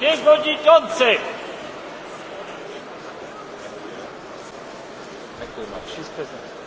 Przewodniczący! Dziękuję bardzo.